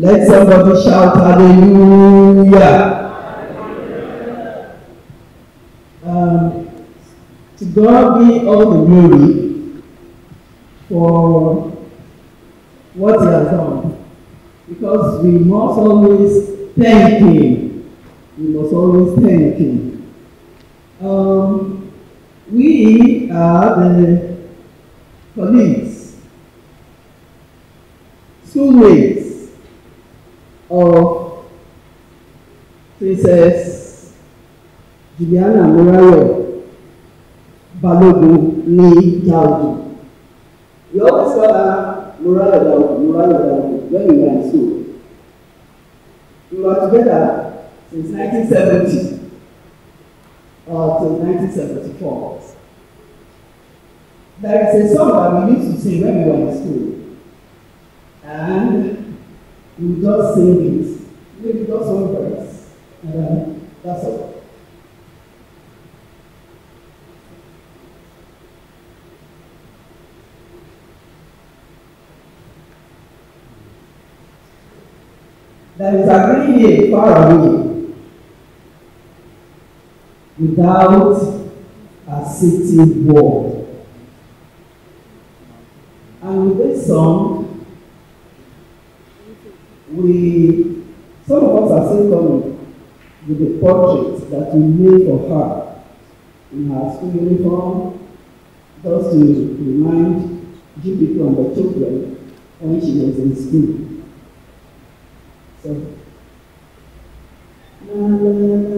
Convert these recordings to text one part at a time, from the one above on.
Let somebody shout hallelujah. Um, to God be all the glory for what he has done. Because we must always thank him. We must always thank him. Um, we are the colleagues, schoolmates, Of princess Juliana Murayo Balogun ní Daodu. We always call her Morayo Daodu, Morayo Daodu when we were in school. We were together since 1970 or till 1974. There is a song that we used to sing when we were in school. And You just sing it. Maybe just one verse. And then that's all. There is agreeing here far away without a city wall. And with this song, we, some of us are still coming with the portrait that we made for her in her school uniform, just to remind you people and the children when she was in school. So, and, uh,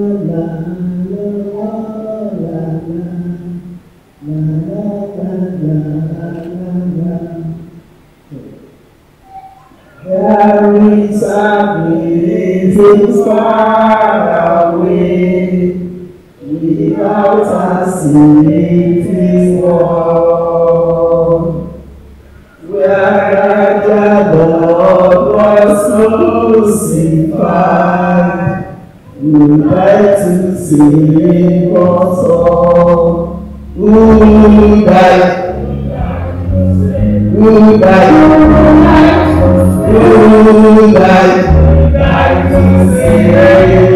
Who like, to see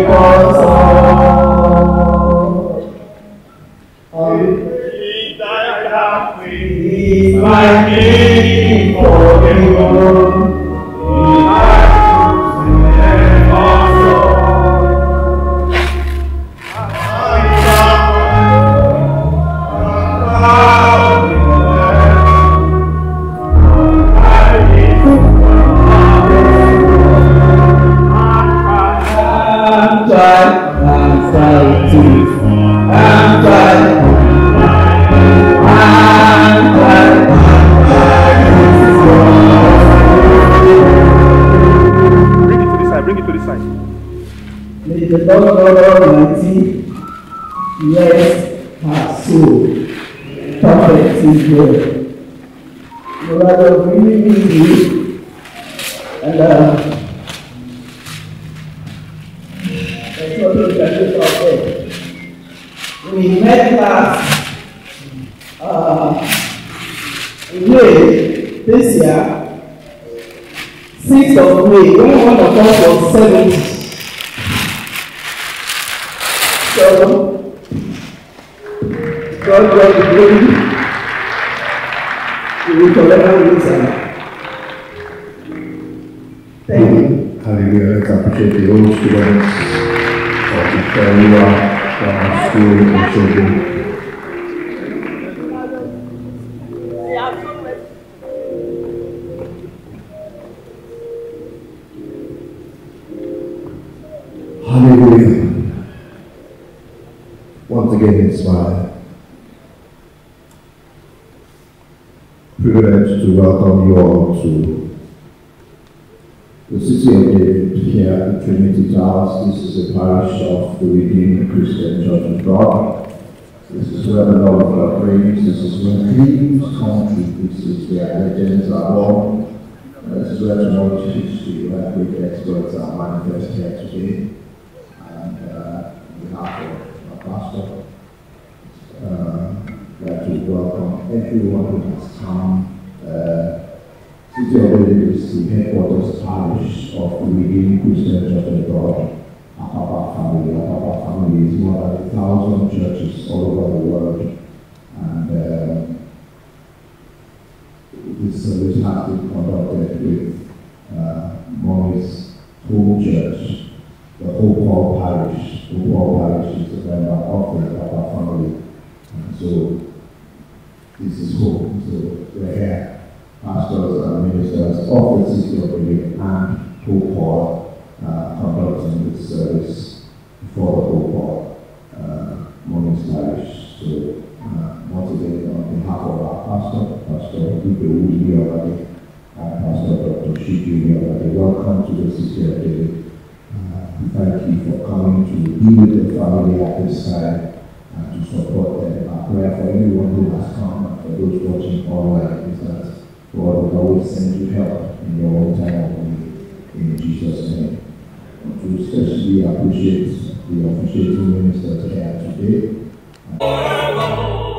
Em đỡ à, à, không? Để chúng tôi chuẩn bị cho ok. We met last uh, in May this year. 6th of May, when one of us was 70. So, God, God, glory. We will forever be Thank you. Having uh, the students of the Kerala School and Hallelujah. Once again inspired. Privileged to welcome you all to the city of David here Trinity Towers, this is a parish of the Redeemed Christian Church of God. This is where the Lord of reigns, this is where kings come to, this is where legends are born. This is where knowledge history, where great experts are manifest here today. And uh, on behalf of our pastor, uh, I'd like to welcome everyone who has come. Uh, city of David the headquarters parish of Redeemed Christian Church of God, Apapa family. Apapa family is more than a thousand churches all over the world. And uh, this service has been conducted with uh, Mommy's home church, the Hopewell Parish. Hopewell Parish is a member of the Apapa family. And so this is home. So we're here pastors and uh, ministers of the city of CCW and Pope Paul uh, conducting this service for the Pope Paul uh, Mornings Parish. So, uh, once again, on behalf of our pastor, Pastor Ibe Uji and Pastor Dr. Shiki Uji welcome to the city CCW. Uh, thank you for coming to be with the family at this time and uh, to support them. Our prayer for everyone who has come and for those watching online is that Lord, I will send you help in your own time in Jesus' name. We especially appreciate the officiating minister that I have today.